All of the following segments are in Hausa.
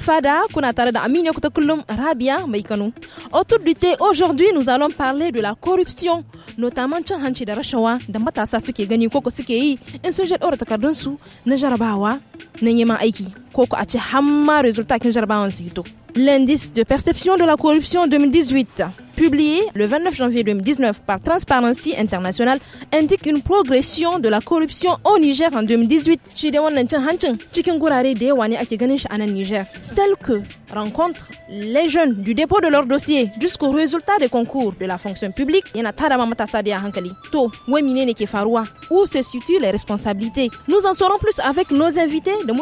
fada kuna tare da Aminu kullum Autour du thé, aujourd'hui, nous allons parler de la corruption, notamment cin hanci da rashawa da matasa suke gani koko suke yi in sun shaɗaura takardunsu na jarabawa na neman aiki koko a ce hamma resultat kin jarabawan su hito. L'indice de perception de la corruption 2018 publié le 29 janvier 2019 par Transparency International indique une progression de la corruption au Niger en 2018. Celle que rencontrent les jeunes du dépôt de leur dossier jusqu'au résultat des concours de la fonction publique, où se situent les responsabilités. Nous en saurons plus avec nos invités de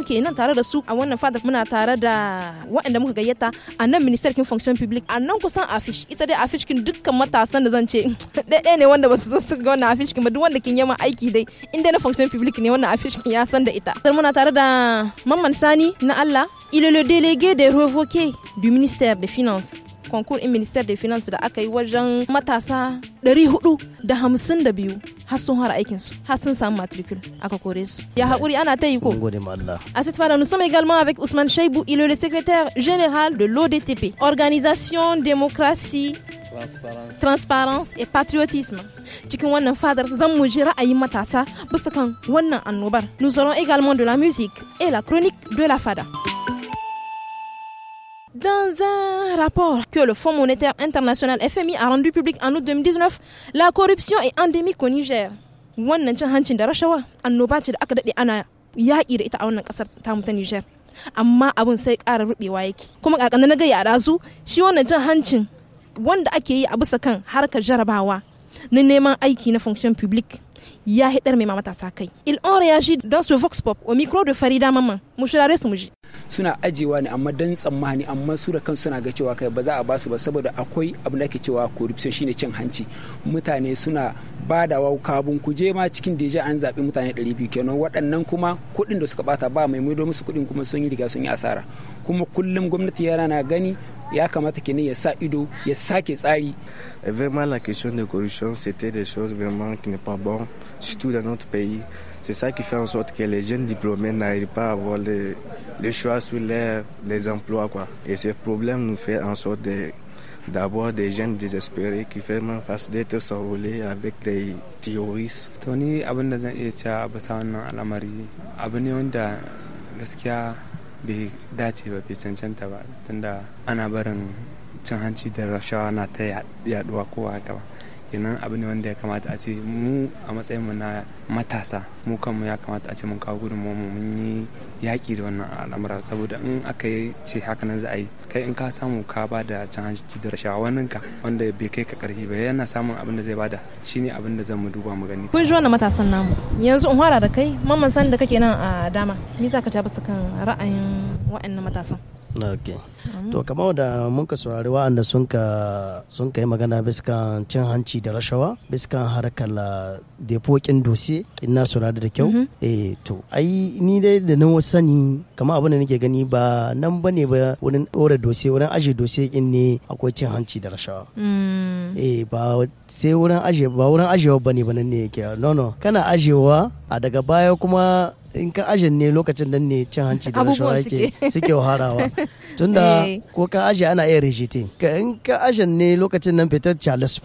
qui fonctionne publique, a fishkin dukkan matasan da zan ce ɗaya ne wanda su zo su ga wannan a fishkin ba duk wanda kin yaman aiki dai in dai na function public ne wannan a fishkin ya san da ita muna tare da mamman sani na Allah il est le délégué des revoqués du ministère des finances konkur in ministère des finances da aka yi wajen matasa 452 har sun fara aikin su har sun samu matricule aka kore su ya hakuri ana à cette fois nous sommes également avec Ousmane Cheibou il est le secrétaire général de l'ODTP organisation démocratie transparence, transparence et patriotisme cikin wannan fadar zan mu ji matasa bisa wannan annobar nous aurons également de la musique et la chronique de la fada Dans un rapport que le Fonds monétaire international FMI a rendu public en août 2019, la corruption est endémique au Niger. Wannan cin hancin da rashawa annoba ce da aka daɗe ana yaƙi da ita a wannan ƙasar tamu ta Niger. Amma abin sai ƙara ruɓewa yake. Kuma ƙaƙan na gaya a shi wannan cin hancin wanda ake yi a bisa kan harkar jarabawa na neman aiki na fonction public ya hidar mai matasa kai il on réagi dans ce vox pop au micro de Farida Maman mu shirare su muji. suna ajewa ne amma dan tsammani amma su da kansu suna ga cewa kai ba za a ba ba saboda akwai abin da ake cewa corruption shine cin hanci mutane suna badawa kabun kuje ma cikin deja an zabi mutane 200 kenan waɗannan kuma kuɗin da suka bata ba mai maido musu kuɗin kuma sun yi riga sun yi asara kuma kullum gwamnati yana na gani ya kamata kenan ya sa ido ya sake tsari vraiment, la question de corruption, c'était des choses vraiment qui n'est pas bon, surtout dans notre pays. C'est ça qui fait en sorte que les jeunes diplômés n'arrivent pas à avoir le, choix sur les, les, emplois. Quoi. Et ce problème nous fait en sorte d'avoir des jeunes désespérés qui vraiment face d'être s'envoler avec des terroristes. gaskiya cin hanci da rashawa na ta yaduwa ko haka ba kenan abu ne wanda ya kamata a ce mu a matsayinmu na matasa mu kanmu ya kamata a ce mun kawo mu mun yi yaƙi da wannan al'amura saboda in aka yi ce haka nan za a yi kai in ka samu ka ba da can hanci da rashawa ka wanda bai kai ka karfi ba yana samun abin da zai bada shine abin da zan mu duba mu gani kun ji wannan matasan namu yanzu in fara da kai mamman san da kake nan a dama me za ka ta kan ra'ayin wa'annan matasan ok to kamar da mun ka saurari wa'anda sun ka yi magana biskan cin hanci da rashawa biskan harkar defokin dosiye ina saurari da kyau mm-hmm. eh to ai ni dai da nan sani kamar abin da nake gani ba nan bane ba wurin ɗora dosiye wurin aje dosiye in ne akwai cin hanci da rashawa mm. eh ba sai wurin aje ba wurin ajewa bane ba nan ne yake no no kana ajewa a daga baya kuma in ka aje ne lokacin nan ne cin hanci da rashawa yake suke waharawa tunda eh. ko ka aje ana iya rejite ka in ka aje ne lokacin nan fitar charles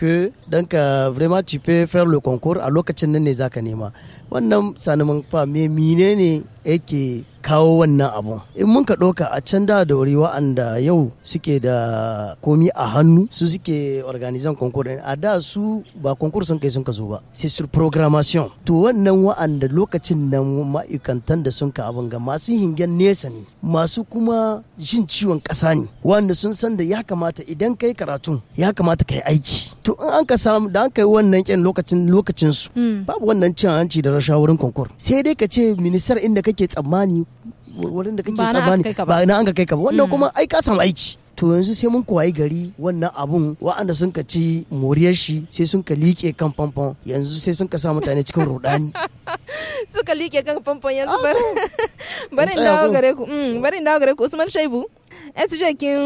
que donc euh, vraiment tu peux faire le concours a lokacin nan ne zaka nema wannan sanuman fa me mine ne yake kawo wannan abun in mun ka ɗauka a can da da wuri wa'anda yau suke da komi a hannu su suke organizan concours a da su ba concours sun kai sun ka zo ba sai sur programmation to wannan wa'anda lokacin nan ma'aikatan da sun ka abin ga masu hingen nesa ne masu kuma jin ciwon ƙasa ne wanda sun san da ya kamata idan kai karatun ya kamata kai aiki to in an ka samu da an kai wannan kyan lokacin lokacin su hmm. babu wannan cin hanci da rasha shawarin konkur sai dai ka ce ministar inda kake tsammani wurin da kake tsammani ba na an ga kai ka ba wannan mm. kuma ai ka samu aiki to yanzu sai mun koyi gari wannan abun wa'anda sun ka ci moriyar shi sai sun ka liƙe kan famfon yanzu sai sun ka sa mutane cikin rudani suka liƙe kan famfon yanzu bari in dawo gare ku mm, bari in dawo gare ku Usman Shaibu sj kin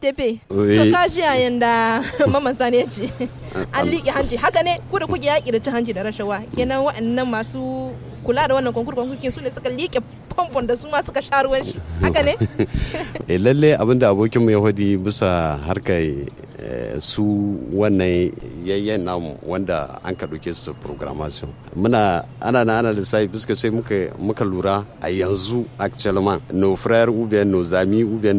tepe to ka ji yayin da mamman sani ya ce an liƙe hanci haka ne ku da kuke yaƙi da ci hanci da rashawa kenan waɗannan masu kula da wannan konkur konkurkin su ne suka liƙe famfon da su ma suka sha ruwan shi haka ne eh lalle da abokin mu yahudi bisa harkar eh, su wannan yayyen namu wanda an ka ɗauke su programmation muna ana na ana lissafi fuska sai muka lura a yanzu actuellement no frère ou bien zami amis ou bien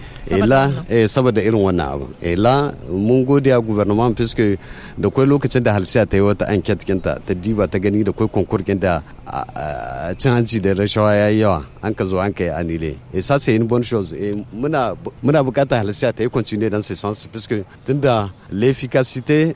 Et ila eh, saboda irin wannan abu ila mun gode a gouvernement puisque da kwai lokacin da halsiya ta yi wata enquete kinta ta diba ta gani da quoi konkur kinta cin hanci da rashawa yayi yawa an ka zo anka ka anile Et ça c'est une bonne chose et muna muna bukata halsiya ta yi continue dans ce sens puisque tunda l'efficacité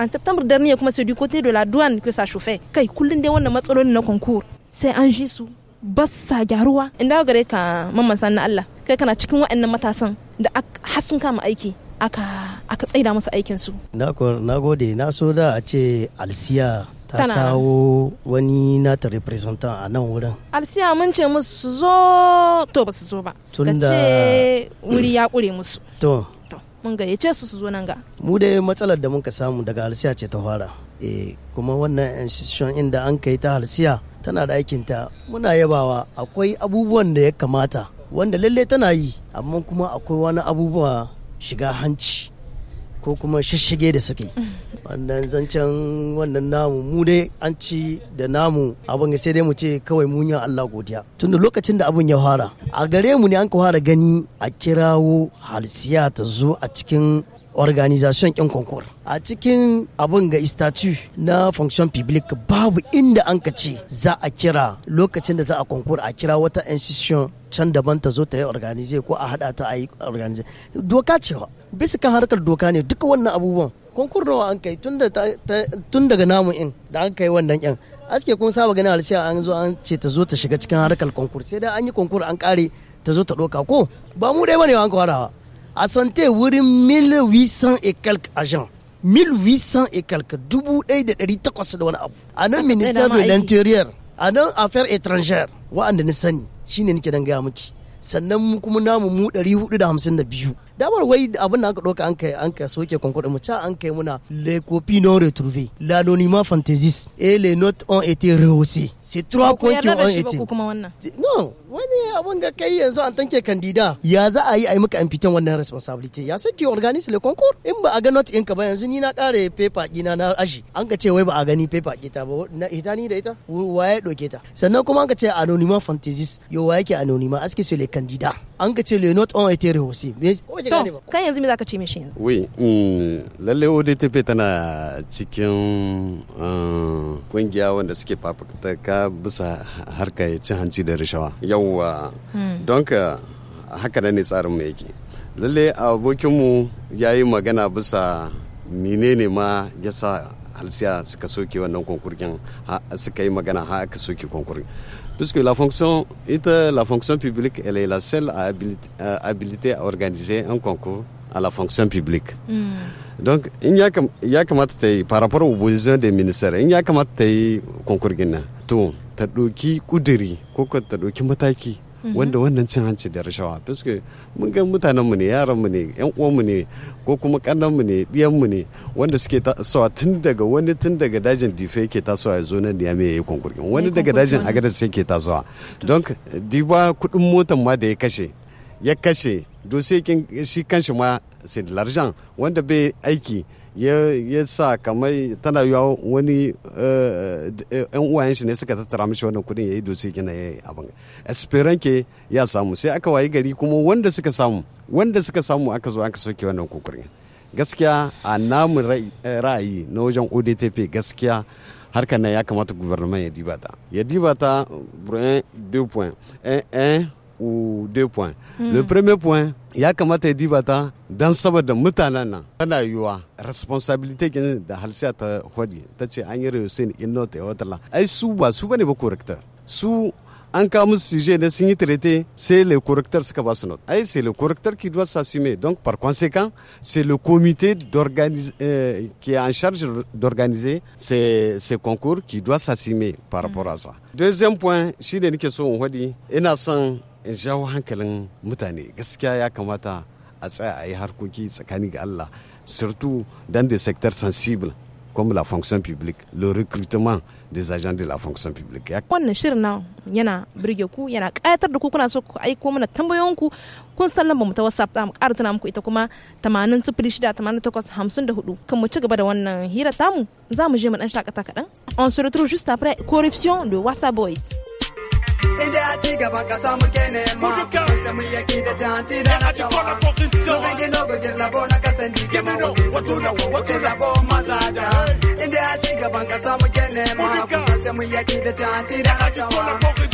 En septembre dernier, kuma c'est du côté de la douane que ça chauffait. Kai kullun dai wannan matsalolin na concours. Sai an ji su ba sa gyaruwa. In dawo gare ka mamman san na Allah. Kai kana cikin waɗannan matasan da har sun kama aiki. Aka aka tsaida masa aikin su. Na gode, na so da a ce alsiya ta kawo wani nata representant a nan wurin alsiya mun ce musu zo to ba su zo ba suka ce wuri ya kure musu to mun gayyace su su zo nan ga mu dai matsalar da muka samu daga halsiya ce ta fara eh kuma wannan institution inda an kai ta halsiya tana da aikin ta muna yabawa akwai abubuwan da ya kamata wanda lalle tana yi amma kuma akwai wani abubuwa shiga hanci ko kuma shishige da suke wannan zancen wannan namu mu dai an ci da namu abin sai dai mu ce kawai mun yi Allah godiya tunda lokacin da abin ya fara a gare mu ne an ka fara gani a kirawo halsiya ta zo a cikin Organisation kin konkur a cikin abin ga istatu na function public babu inda an ka ce za a kira lokacin da za a konkur a kira wata institution can daban ta zo ta yi organize ko a hada ta a yi organize doka ce bisa kan harkar doka ne duka wannan abubuwan konkur nawa an kai tun daga namu in da an kai wannan yan aske kun saba ganin alshe an zo an ce ta zo ta shiga cikin harkar konkur sai dai an yi konkur an kare ta zo ta doka ko ba mu dai bane an kwarawa a santé wurin 1800 et quelques agents 1800 et quelques dubu ɗaya de ɗari takwas da wani abu a nan ministère de l'intérieur a nan affaires étrangères wa'anda na sani shine nake dan gaya miki sannan mu kuma namu mu 452 damar wai abin da aka ɗauka an kai an kai soke kwankwaɗin mu ca an kai muna le copi non retrouvé l'anonymat fantaisiste et les notes ont été rehaussées c'est trois points qui ont été non wani abin ga kai yanzu an tanke kandida ya za a yi a yi maka amfitan wannan responsibility ya sai ki organize le concours in ba a ga not ɗinka ba yanzu ni na kare paper ɗina na aji an ka ce wai ba a gani paper kita ba na ita ni da ita waye ɗauke ta sannan kuma an ka ce anonymat fantaisiste yo waye ke anonymat aske su le kandida an ka ce le notes ont été rehaussées to kan yanzu me zaka ce mishi yanzu oui e lalle ODTP tana cikin ah, kungiya wanda suke fafutuka bisa harka cin hanci da rishawa yawwa hmm. don ka haka ne tsarin mu yake lalle abokinmu ya yi magana bisa menene ma ya sa halsiya suka soke wannan konkurkin suka yi magana ha soke konkurkin puisque la fonction euh, la fonction publique, elle est la seule à habilité, à, organiser un concours à la fonction publique. Hmm. Donc, il y a comme, il y a par rapport aux besoins des ministères, il y a comme concours guinéen. Tout, t'as qui, coudiri, t'as qui, Mm-hmm. wanda wannan cin hanci da rashawa fiske mun ga mutanenmu ne yaranmu ne yan uwanmu ne ko kuma mu ne mu ne wanda suke tasowa tun daga wani tun daga dajin dife yake tasowa ya zo nan da ya mai yayi konkurkin wani daga dajin sai yake tasowa don diba kuɗin motan ma da ya kashe ya kashe dose shi kanshi ma sai da wanda bai aiki ya sa kamar tana yiwa wani eh, eh, yan uwayen shi ne suka tattara mishi wannan kudin ya yi dosi gina ya yi abin esperan ke ya samu sai aka wayi gari kuma wanda suka samu wanda suka samu aka zo aka soke wannan kukurin gaskiya a namun eh, ra'ayi na wajen odtp gaskiya harkar nan ya kamata guvernement ya diba ta ya diba ta 2.1 ou deux points. Hmm. Le premier point, ya kamata ya diba ta don saboda a responsibility de da responsabilité de hodi ta ce an a ai su bane sujet ne sun traité c'est le correcteur c'est le correcteur qui doit s'assumer donc par conséquent c'est le comité d'organiser euh, qui est en charge d'organiser ces, ces concours qui doit s'assumer par hmm. rapport à ça deuxième point si les so on hodi ina in jawo hankalin mutane gaskiya ya kamata a tsaya a yi harkoki tsakani ga Allah surtout dans des secteurs sensibles comme la fonction publique le recrutement des agents de la fonction publique wannan shirin nan yana birge ku yana kayatar da ku kuna so ku aiko mana tambayoyin ku kun san lambar mu ta WhatsApp za mu ƙara tana muku ita kuma 806854 kan mu ci gaba da wannan hira tamu za mu je mu dan shakata kaɗan on se retrouve juste après corruption de WhatsApp boys inda ya ci gaba kasa muke nema sai mu yaki da janti da na cewa Nurin gino bugin labo na kasan jike mu wato na wato labo mazada inda ya ci gaban kasa muke nema sai mu yaki da janti da na cewa Nurin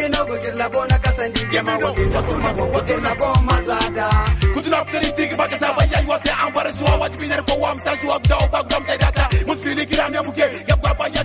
gino bugin labo na kasan jike mu wato na wato labo mazada Kutuna tiki baka saba yayi wasa an bar suwa wajibi ne kowa mutsa suwa guda ba guda mutai daka mun fili kira ne muke gabgaba ya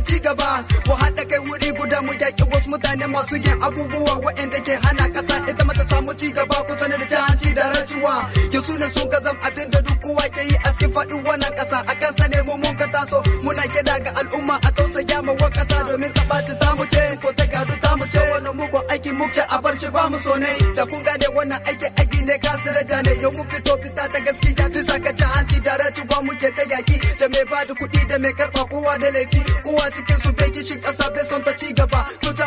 mutane masu yin abubuwa waɗanda ke hana kasa ita mata samu ci gaba ku sanar da jahanci da rashuwa ke su ne sun kazam abin da duk kowa ke yi a cikin faɗin wannan kasa. a kan sa ne mu mun ka taso muna kira ga al'umma a tausaya ma wa ƙasa domin ta ɓaci ta mu ce ko ta gado ta mu ce wannan mugun aiki mu ce a bar shi ba mu so ne da kun gane wannan aiki aiki ne ka daraja ne yau mu fito fita ta gaskiya bisa ka jahanci da rashuwa muke ta yaki da mai ba da kuɗi da mai karɓa kowa da laifi kowa cikin su bai kishin ƙasa bai son ta ci gaba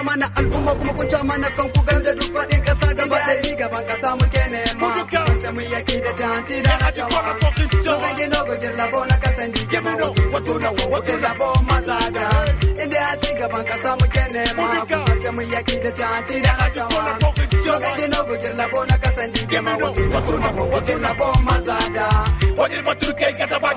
mana al'umma kuma kun ca mana kan ku da duk faɗin ƙasa gaba da ci gaban ƙasa muke nema sai mu yaki da jahanci da ga sun rage nogogin bo na kasan digima wato na wato labo mazada inda ya ci gaban ƙasa muke nema sai mu yaki da jahanci da ga sun rage nogogin bo na kasan digima wato na wato labo mazada wajen maturkai ƙasa ba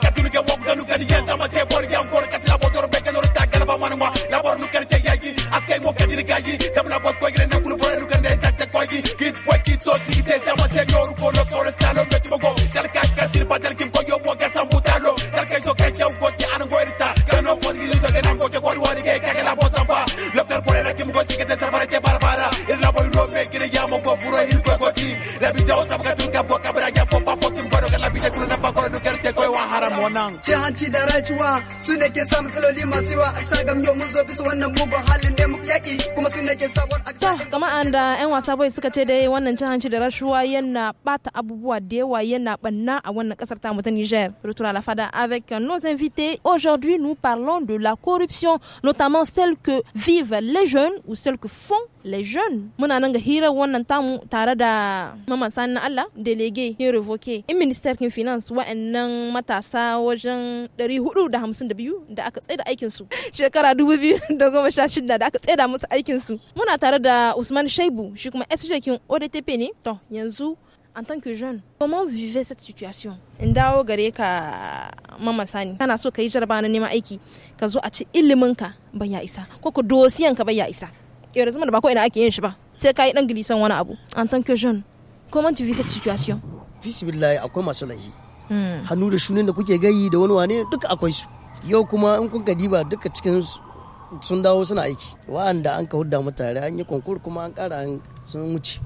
mwanangu ce hanci da rajuwa su ne ke sa matsaloli masu yawa a sagam yau mun zo bisa wannan mugun halin ne mu yaki kuma su ne ke sabuwar to kamar an da yan wasa bai suka ce dai wannan cin hanci da rashuwa yana bata abubuwa da yawa yana banna a wannan kasar ta ta Niger retour à la fada avec nos invités aujourd'hui nous parlons de la corruption notamment celle que vivent les jeunes ou celle que font les jeunes Mon nan ga hira wannan tamu tare da mamasan na Allah délégué ya revoke in ministère kin finance wa'annan matasa wajen 452 da aka tsaida aikin su shekara 2016 da aka tsaida musu aikin su muna tare da Usman Shaibu shi kuma SJ kin ODTP ne to yanzu en tant que jeune comment vivez cette situation in dawo gare ka mama sani kana so ka yi jaraba na neman aiki ka zo a ci ilimin ka bai ya isa ko ko dosiyan ka bai ya isa yanzu zama da ba ko ina ake yin shi ba sai ka yi dan gilisan wani abu en tant que jeune comment tu vis cette situation bismillah akwai masu laifi Hmm. hannu da shunin da kuke gayi da wani wane duka akwai su yau kuma in kun diba duka cikin sun dawo suna aiki wa'anda an ka hudda mu tare an yi konkur kuma an kara sun wuce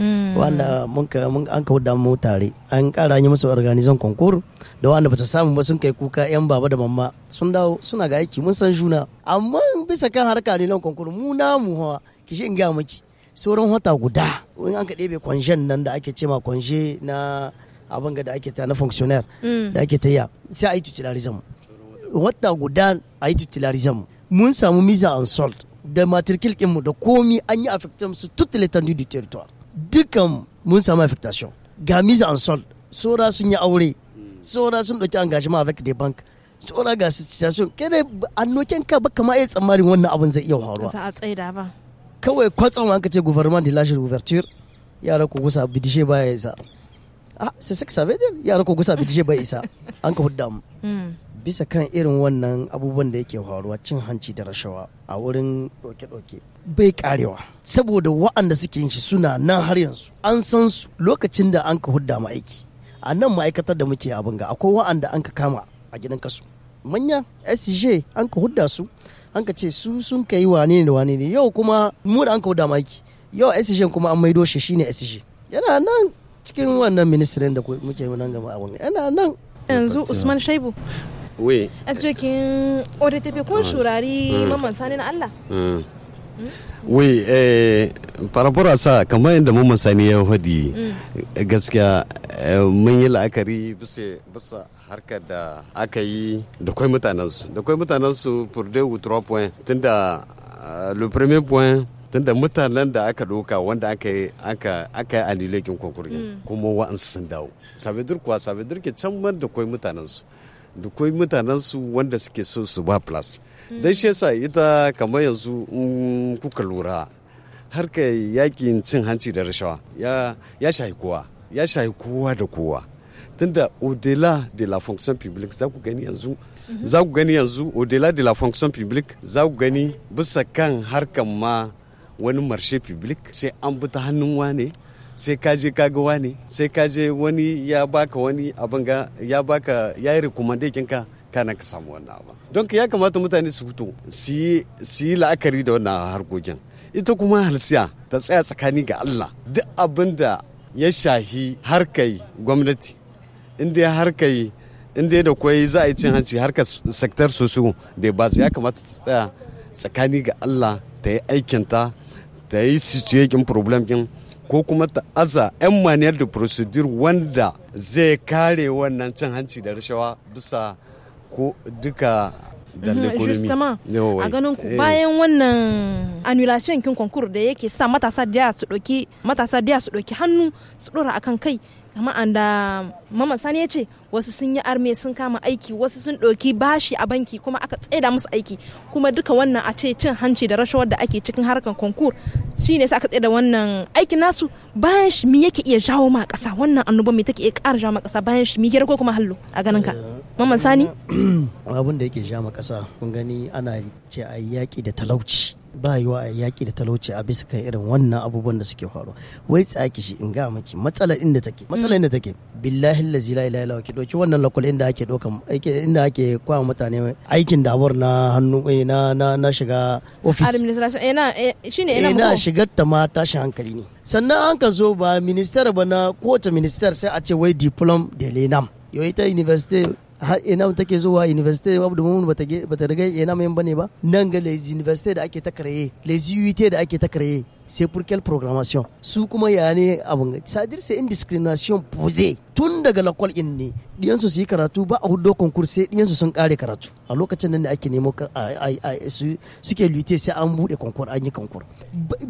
hmm. wa'anda an ka hudda mu tare an kara yi musu organizan konkur da wa'anda ba ta samu ba sun kai kuka yan baba da mamma sun dawo suna ga aiki mun san juna amma bisa kan harka ne nan konkur mu namu hawa shi in ga miki sauran hota guda in an ka ɗebe kwanshen nan da ake cema kwanshe na abin da ake ta na fonctionnaire mm. da ake ta ya sai a yi titularism wata guda a yi titularism mun samu misa an salt da matrikil mu da komi an yi affectation su tutte les du territoire dukan mun samu affectation ga misa an salt sora sun yi aure sora sun ɗauki engagement avec des banques tsora ga situation kada annoken ka ba kama iya tsammanin wannan abin zai iya faruwa za a tsaida ba kawai kwatsam wanka ce gouvernement de la ouverture yara ku gusa bidishe ba ya ah sai saka sabe din yara ko gusa bidije bai isa an ka hudda mu hmm. bisa kan irin wannan abubuwan da yake faruwa cin hanci da rashawa a wurin doke-doke bai karewa saboda wa'anda suke yin shi suna nan har yanzu an san su lokacin da an ka hudda mu aiki a nan ma'aikatar da muke abin ga akwai wa'anda an ka kama a gidan kasu manya sj an ka hudda su an ka ce su sun kai wane ne wane ne yau kuma mu da an ka hudda mu aiki yau sj kuma an maido shi shine sj yana nan cikin wannan ministirin da muke nan gaba abun yana nan yanzu usman shaibu we a cikin tafi kun shurari mm. mamman sani na allah we farabura sa kamar yadda mamman sani ya hadi mm. gaskiya eh, mun yi la'akari bisa harkar da aka yi da kwai mutanensu da kwai mutanensu pour deux ou trois points tunda eh, le premier point tunda mutanen da aka doka wanda aka yi aka yi alilekin konkurgin mm. kuma wa'ansu sun dawo sabidur kuwa sabidur ke can man da koi mutanensu. da koi mutanensu wanda suke so su ba plus mm. don shi yasa ita kamar yanzu in kuka lura har ka yakin cin hanci da rashawa ya ya shahi kowa ya shahi kowa da kowa tunda odela de la fonction publique za ku gani yanzu mm-hmm. za ku gani yanzu odela de la fonction publique za ku gani bisa kan harkan ma wani marshe public sai an bi ta hannun wane sai ka je ka ga wane sai ka je wani ya baka wani abin ga ya baka ya yi recommendation ka kana ka samu wannan abin don ya kamata mutane su fito su yi la'akari da wannan harkokin ita kuma halsiya ta tsaya tsakani ga Allah duk abin da ya shahi harkai gwamnati inda ya harkai inda da kwai za a yi cin hanci harkar sektar sosu da ba ya kamata ta tsaya tsakani ga Allah ta yi aikinta ta yi situation problem kin ko kuma ta aza 'yan maniyar da procedure wanda zai kare wannan cin hanci da rashawa bisa ko duka da mhm, a ganin ku eh. bayan wannan annulation kin concours da yake sa matasa da su doki matasa da su doki hannu su dora akan kai kamar an da mama sani ya ce wasu sun yi arme sun kama aiki wasu sun ɗauki bashi a banki kuma aka tsaida musu aiki kuma duka wannan a ce cin hanci da rashawar da ake cikin harkar konkur shi ne sa aka tsaida wannan aikin nasu bayan shi mi yake iya jawo ma ƙasa wannan annoba mi take iya ƙara jawo ma ƙasa bayan shi mi gyara ko kuma hallo a ganin ka maman sani abin da yake jawo ma ƙasa kun gani ana ce a yaƙi da talauci ba yi wa yaƙi da talauci a bisa kan irin wannan abubuwan da suke faruwa wai tsaki shi in ga maki matsalar inda take matsalar inda take billahi lazi la ilaha illa ki doki wannan lokal inda ake doka inda ake kwa mutane aikin dabar na hannu eh, na na na shiga office administration ina shine ina shigar ta ma tashi hankali ne sannan an ka zo ba minister ba na kowace minister sai a ce wai diplom de lenam yau ita university har ina take zuwa university abu da mun bata bata riga ina mai bane ba nan ga les university da ake ta karaye les UIT da ake ta karaye c'est pour quelle programmation su kuma ya ne abun sadir c'est une discrimination posée tun daga lakwal in ne diyan su yi karatu ba a hudo concours sai su sun kare karatu a lokacin nan ne ake nemo suke lute sai an bude concours an yi concours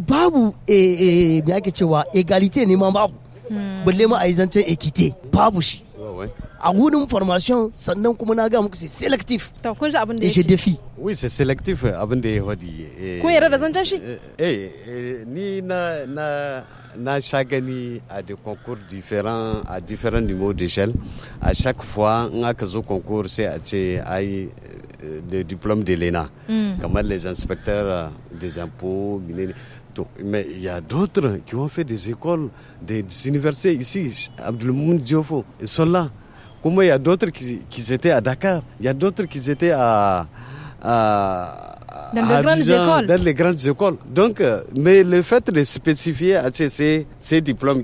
babu eh, eh, me ake cewa egalite ne ma babu hmm. balle ma a yi zancen equité. babu shi a une formation sannan kuma na ga muku sai selective to kun ji abin da yake defi oui c'est sélectif abin da ce que ko yarda da zancan shi eh ni na na na sha a des concours différents à différents niveaux d'échelle à chaque fois in aka zo concours c'est a ce ai euh, diplôme de l'ENA hmm. comme les inspecteurs euh, des impôts mais il y a d'autres qui ont fait des écoles, des, universités ici, Abdelmoun Diofo, ils sont là. Comment il y a d'autres qui, étaient à Dakar, il y a d'autres qui étaient à, à dans les, grandes écoles. dans les grandes écoles. Donc, euh, mais le fait de spécifier à ces, ces diplômes,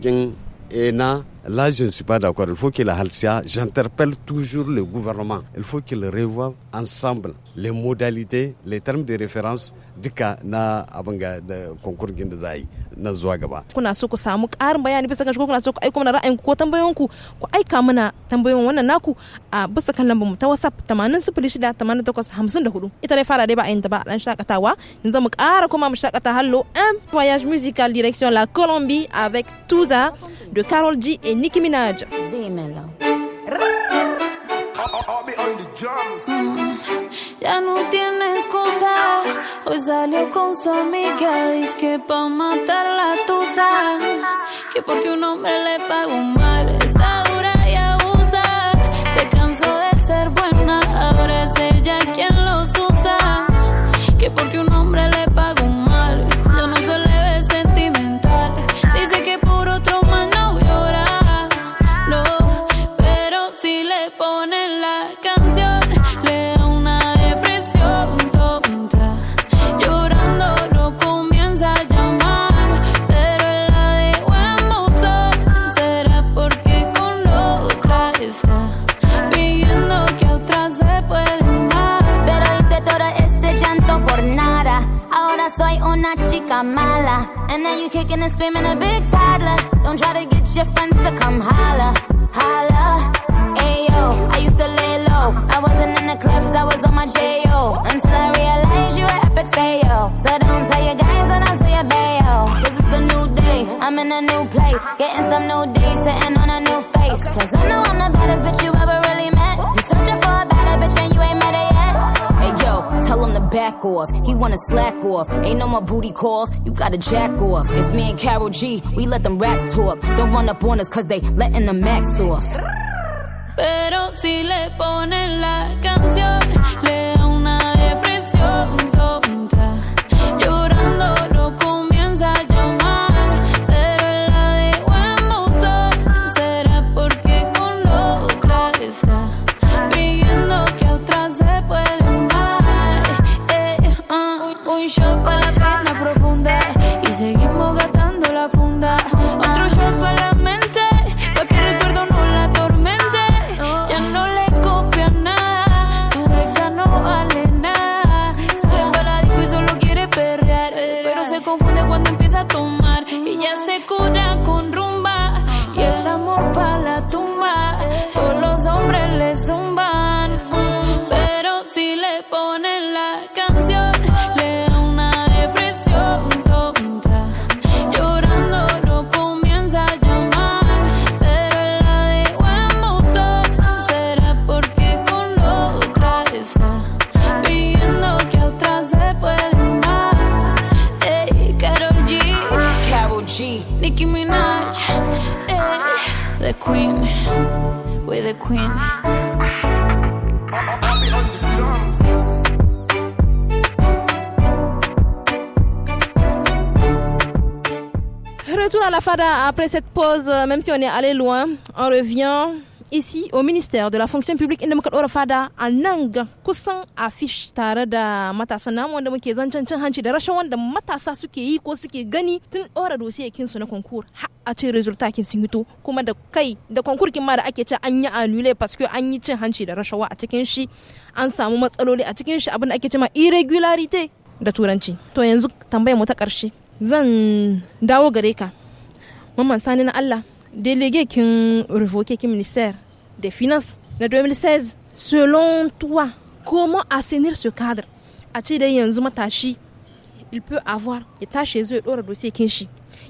et na Là, je ne suis pas d'accord. Il faut que la Halcia, j'interpelle toujours le gouvernement. Il faut qu'il revoie ensemble les modalités, les termes de référence duka na abanga de da konkur da za yi na zuwa gaba. Kuna so ku samu ƙarin bayani bisa ga shi kuna so ku aiko mana ra'ayinku ko tambayoyinku ku aika mana tambayoyin wannan naku a bisa kan lambar mu ta WhatsApp 80068854. Ita dai fara dai ba a yin ta ba dan shakatawa. Yanzu mu ƙara kuma mu shakata hallo un voyage musical direction la Colombie avec Tuza de Carol G Nicky Nicki Minaj. Dímelo. Ya no tienes excusa. hoy salió con su amiga, dice que pa' matar la tusa, que porque un hombre le pagó mal, está dura y abusa, se cansó de ser buena, ahora es ella quien los usa, que porque un tanto por nada. Ahora soy una chica mala. And now you kicking and screaming a big toddler. Don't try to get your friends to come holla, holla. Ayo, I used to lay low. I wasn't in the clubs, I was on my J.O. Until I realized you were epic fail. So don't tell your guys when I say a bail. Cause it's a new day, I'm in a new place. Getting some new days, sitting on a new face. Cause I know I'm the baddest bitch you ever really back off. He wanna slack off. Ain't no more booty calls, you gotta jack off. It's me and Carol G, we let them racks talk. Don't run up on us cause they letting the max off. Pero si le ponen la canción, le da una depresión. après cette pause, euh, même si on est allé loin, on revient ici au ministère de la fonction publique inda muka dora a nan ga kusan afish tare da matasa namu wanda muke zancen cin hanci da rashin wanda matasa suke yi ko suke gani tun ora dosiyakin su na konkur a ce résultat kin sun hito kuma da kai da konkur kin ma da ake ce an yi annule parce que an yi cin hanci da rashawa a cikin shi an samu matsaloli a cikin shi abin da ake ce ma irregularity da turanci to yanzu tambayar mu ta karshe zan dawo gare ka Maman Sani na Allah, délégué qui revoqué qui ministère des Finances de 2016. Selon toi, comment assainir ce cadre A-t-il des Il peut avoir, il est chez eux, il dossier Kinshi.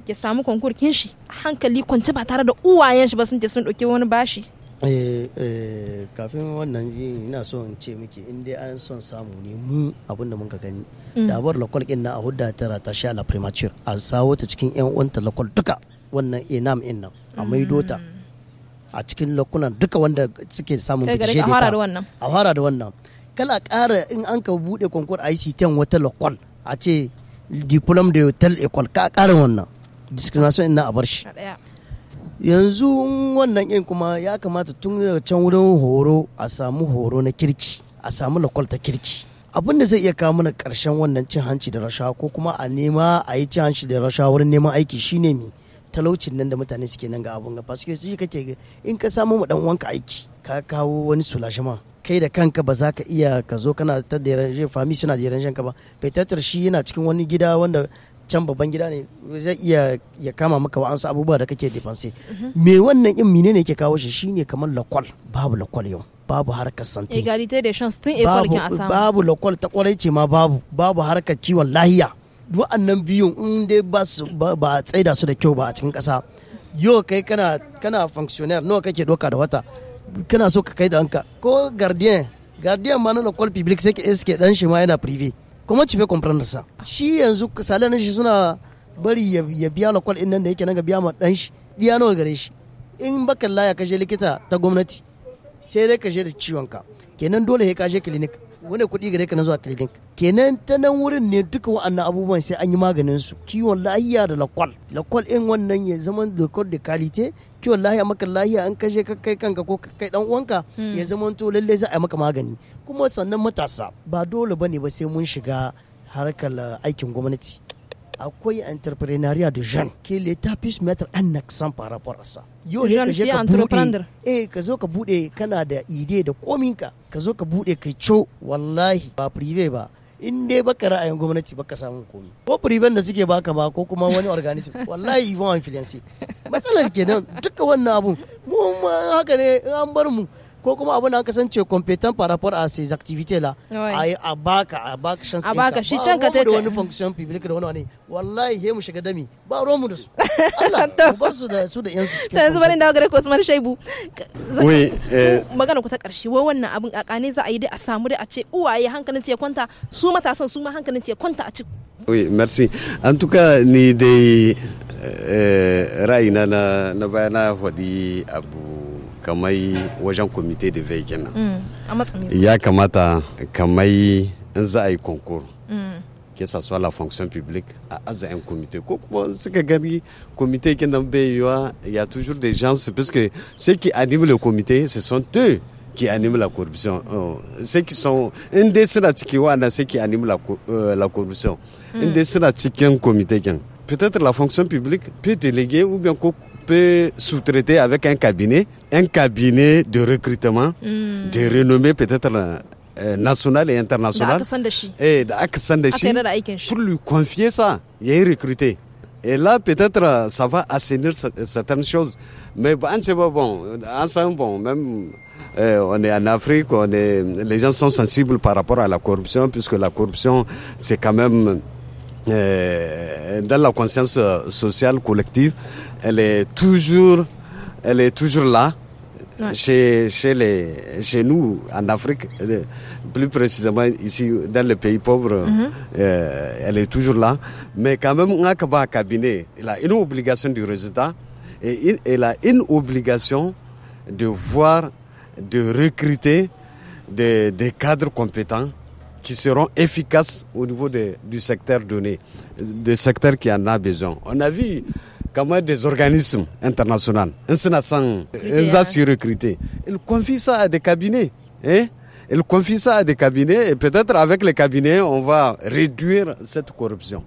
ya samu konkur kin shi hankali kwance ba tare da uwayen shi ba sun ce sun dauke wani bashi eh eh kafin wannan ji ina so in ce miki in dai an son samu ne mu abinda mun ka gani mm. da bar abar lakwal na a hudda tara ta sha la premature a sawo ta cikin yan uwanta lakwal duka wannan inam in nan a maido ta a cikin lokunan duka wanda suke samun bishe da ta. a fara da wannan kala ƙara in an ka buɗe konkur a yi wata lokwal a ce diplom da hotel ecole ka ƙara wannan discrimination in na a bar shi yanzu wannan in kuma ya kamata tun daga can wurin horo a samu horo na kirki a samu lokwal ta kirki abin da zai iya kawo mana karshen wannan cin hanci da rashawa ko kuma a nema a yi cin hanci da rashawa wurin neman aiki shine mi talaucin nan da mutane suke nan ga abun ga fasiyo shi kake in ka samu mu dan wanka aiki ka kawo wani sulashima kai da kanka ba za ka iya ka zo kana ta da yaranje fami suna da yaranjen ka ba fetatar shi yana cikin wani gida wanda can babban gida ne zai iya ya kama maka wa'ansu abubuwa da kake defense mhm. me wannan in menene yake kawo shi shine kamar lakwal babu lakwal yau babu harkar santi. Egalite eh, de shan tun babu, babu lokal ta kwarai ce ma babu babu harkar kiwon lahiya wa'annan biyun in dai ba a tsaida da kyau ba a cikin kai kana kana nawa kake doka da wata kana so ka ko gardien gardien public sai ke dan shi ma yana privé kuma comprendre sa shi yanzu salan shi suna bari ya biya nan da yake biya ma dan shi gare shi in baka laya likita ta gwamnati sai dai wani kuɗi gare ka na zuwa clinic kenan ta nan wurin ne duka wa'annan abubuwan sai an yi maganin su kiwon lahiya da lakwal lakwal in wannan ya zama dokar da kalite kiwon lahiya maka lahiya an kashe ka kai kanka ko kai dan uwanka hmm. ya zama to lalle za a yi maka magani kuma sannan matasa ba dole bane ba sai mun shiga harkar ah, aikin gwamnati akwai entrepreneuriat de jeunes que l'État puisse mettre un accent par rapport à ça. yo je je ka entreprendre. Eh ka ka bude kana da idea da kominka ka zo ka bude kai cho wallahi ba privé ba in dai baka ra'ayin gwamnati baka samu komi ko priven da suke baka ba ko kuma wani organism wallahi yi vont influencer matsalar kenan duka wannan abun mu haka ne an bar mu ko kuma abin da an kasance competent par rapport à ces activités là ouais. a baka a baka chance a baka shi can ka da wani fonction public da wani wani wallahi he mu shiga dami ba ruwan mu da su Allah bar su da su da yan su cikin yanzu bari dawo gare ku Usman Shaibu oui eh. magana ku ta karshe wai wannan abin kakane za a yi dai a samu dai a ce uwaye hankalin su ya kwanta su matasan su ma hankalin su ya kwanta a ci oui merci en tout cas ni dai eh, ra'ayina na na bayana faɗi abu kamai wajen kwamite da vei kenan mm, ya kamata kamai in za a yi mm. Que ke sasuwa la fonction publique a un comité ko kuma suka gani comité kenan bai yiwa ya toujours des gens parce que ceux qui animent le comité ce sont eux qui animent la corruption. Euh, ceux qui sont ceux qui animent la, un euh, la corruption. Mm. qui Indécents, un comité. Peut-être la fonction publique peut déléguer ou bien peut sous-traiter avec un cabinet, un cabinet de recrutement, hmm. de renommée peut-être euh, nationale et internationale. Et pour lui confier ça, il est recruté. Et là, peut-être, euh, ça va assainir certaines choses. Mais bon, c'est bon. Ensemble, bon, même, euh, on est en Afrique, on est, les gens sont sensibles par rapport à la corruption, puisque la corruption, c'est quand même euh, dans la conscience euh, sociale collective, elle est toujours, elle est toujours là. Chez, chez, les, chez nous, en Afrique, plus précisément ici, dans les pays pauvres, mhm. euh, elle est toujours là. Mais quand même, on a un cabinet. Il a une obligation du résultat et il, a une obligation de voir, de recruter des, des cadres compétents qui seront efficaces au niveau du secteur donné, des secteurs qui en a besoin. On a vu comment des organismes internationaux, ils ont su recruter. Ils confient ça à des cabinets. Hein? Ils confient ça à des cabinets et peut-être avec les cabinets, on va réduire cette corruption.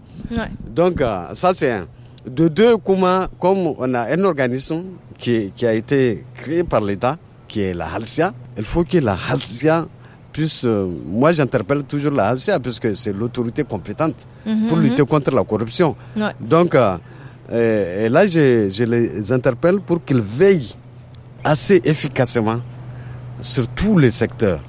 Donc, euh, ça c'est un. De deux, comment, comme on a un organisme qui, qui a été créé par l'État, qui est la Halsia, il faut que la Halsia plus euh, moi, j'interpelle toujours la parce puisque c'est l'autorité compétente pour mhm. lutter contre la corruption. Donc, euh, là, je, je, les interpelle pour qu'ils veillent assez efficacement sur tous les secteurs.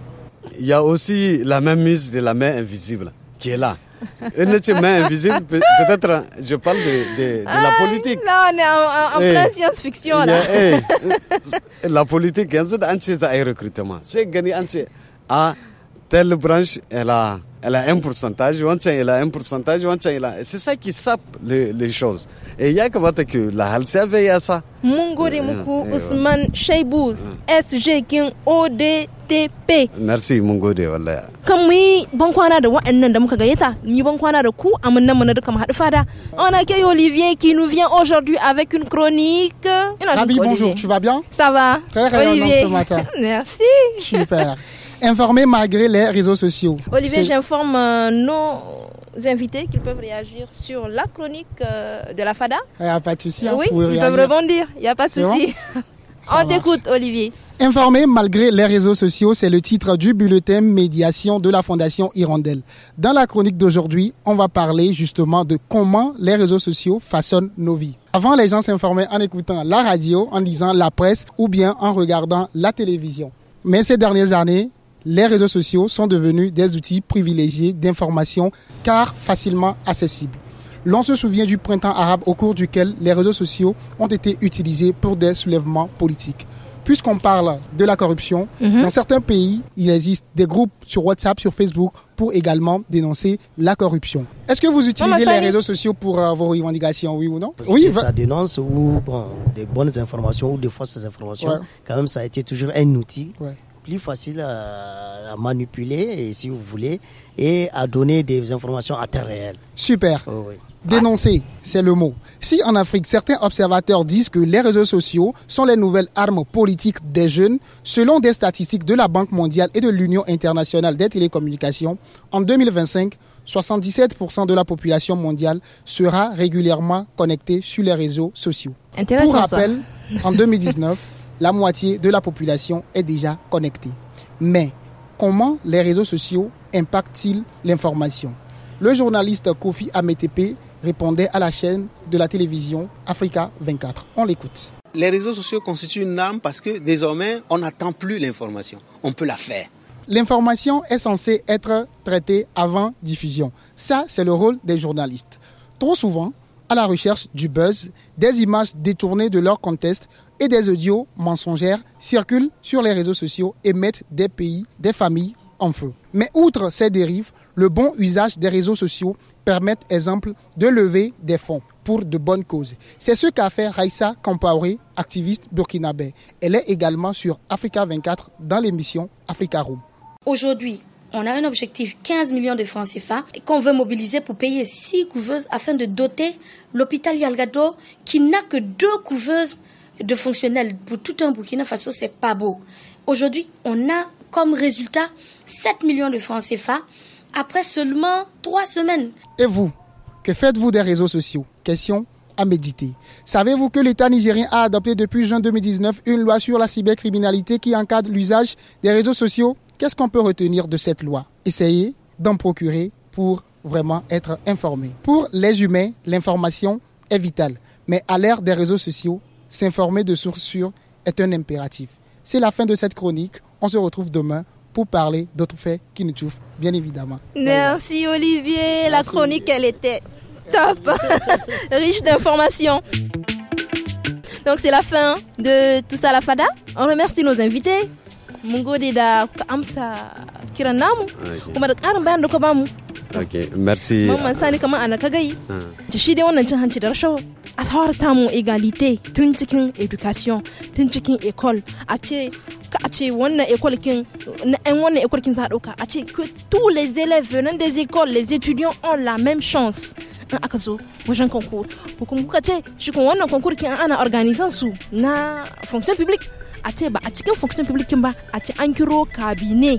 Il y a aussi la même mise de la main invisible qui est là. Une autre main invisible, peut-être je parle de, de, la ah, politique. Non, on est en, eh. plein science-fiction là. Eh, eh. la politique, il y a un recrutement. C'est gagné, à telle branche, elle a, elle a un pourcentage, tient, elle a un pourcentage, tient, elle a... C'est ça qui sape les, les choses. Et il y a que la halsiya veille à ça. Mun euh, muku Usman Cheibouz ah. SG kin ODTP. Merci, mun gode wallahi. Kan mu yi bankwana da wa'annan da muka gayyata, Ni yi bankwana coin ku a nan mu na duka mu haɗu fada. On accueille Olivier qui nous vient aujourd'hui avec une chronique. Ravi, bonjour, tu vas bien Ça va. Très Olivier. ce matin. Merci. Super informer malgré les réseaux sociaux. Olivier, j'informe euh, nos invités qu'ils peuvent réagir sur la chronique euh, de la FADA. Il ah, n'y a pas de souci. Hein, oui, ils peuvent rebondir, il n'y a pas de souci. On t'écoute, Olivier. Informer malgré les réseaux sociaux, c'est le titre du bulletin médiation de la Fondation Hirondelle. Dans la chronique d'aujourd'hui, on va parler justement de comment les réseaux sociaux façonnent nos vies. Avant, les gens s'informaient en écoutant la radio, en lisant la presse ou bien en regardant la télévision. Mais ces dernières années, les réseaux sociaux sont devenus des outils privilégiés d'information car facilement accessibles. L'on se souvient du printemps arabe au cours duquel les réseaux sociaux ont été utilisés pour des soulèvements politiques. Puisqu'on parle de la corruption, mhm. dans certains pays, il existe des groupes sur WhatsApp, sur Facebook, pour également dénoncer la corruption. Est-ce que vous utilisez les réseaux sociaux pour euh, vos revendications, oui ou non Oui. Ça dénonce ou des bonnes informations ou des fausses informations. Quand même, ça a été toujours un outil plus facile à, manipuler, et, si vous voulez, et à donner des informations à terre réel. Super. Oh, Dénoncer, c'est le mot. Si en Afrique, certains observateurs disent que les réseaux sociaux sont les nouvelles armes politiques des jeunes, selon des statistiques de la Banque mondiale et de l'Union internationale des télécommunications, en 2025, 77% de la population mondiale sera régulièrement connectée sur les réseaux sociaux. Pour rappel, en 2019, la moitié de la population est déjà connectée. Mais comment les réseaux sociaux impactent-ils l'information Le journaliste Kofi Ametepe répondait à la chaîne de la télévision Africa 24. On l'écoute. Les réseaux sociaux constituent une arme parce que désormais, on n'attend plus l'information, on peut la faire. L'information est censée être traitée avant diffusion. Ça, c'est le rôle des journalistes. Trop souvent, à la recherche du buzz, des images détournées de leur contexte et des audios mensongères circulent sur les réseaux sociaux et mettent des pays, des familles en feu. Mais outre ces dérives, le bon usage des réseaux sociaux permet, exemple, de lever des fonds pour de bonnes causes. C'est ce qu'a fait Raissa Kampaoré, activiste burkinabé. Elle est également sur Africa 24 dans l'émission Africa Room. Aujourd'hui, on a un objectif 15 millions de francs CFA qu'on veut mobiliser pour payer 6 couveuses afin de doter l'hôpital Yalgado qui n'a que deux couveuses de fonctionnel pour tout un Burkina Faso, c'est pas beau. Aujourd'hui, on a comme résultat 7 millions de francs CFA après seulement 3 semaines. Et vous, que faites-vous des réseaux sociaux Question à méditer. Savez-vous que l'État nigérien a adopté depuis juin 2019 une loi sur la cybercriminalité qui encadre l'usage des réseaux sociaux Qu'est-ce qu'on peut retenir de cette loi Essayez d'en procurer pour vraiment être informé. Pour les humains, l'information est vitale, mais à l'ère des réseaux sociaux, s'informer de sources sûres est un impératif. C'est la fin de cette chronique. On se retrouve demain pour parler d'autres faits qui nous touchent, bien évidemment. Merci Olivier. La chronique, elle était top, riche d'informations. Donc c'est la fin de tout ça la fada. On remercie nos invités. Mungo Deda Amsa Kiranamu okay merci mamman sani kamar ana ka gai ah. ta shi dai wannan cin hanci da rashawa a tsawar samun egalite tun cikin education tun cikin ecole a ce ka a ce wannan école kin na ɗan wannan ecole kin za ɗauka a ce que tous les élèves venant des écoles les étudiants ont la même chance in aka zo jan concours ko kuma kuka ce shi kun wannan concours kin ana organizan su na fonction publique a ce ba a cikin fonction publique kin ba a ce cabinet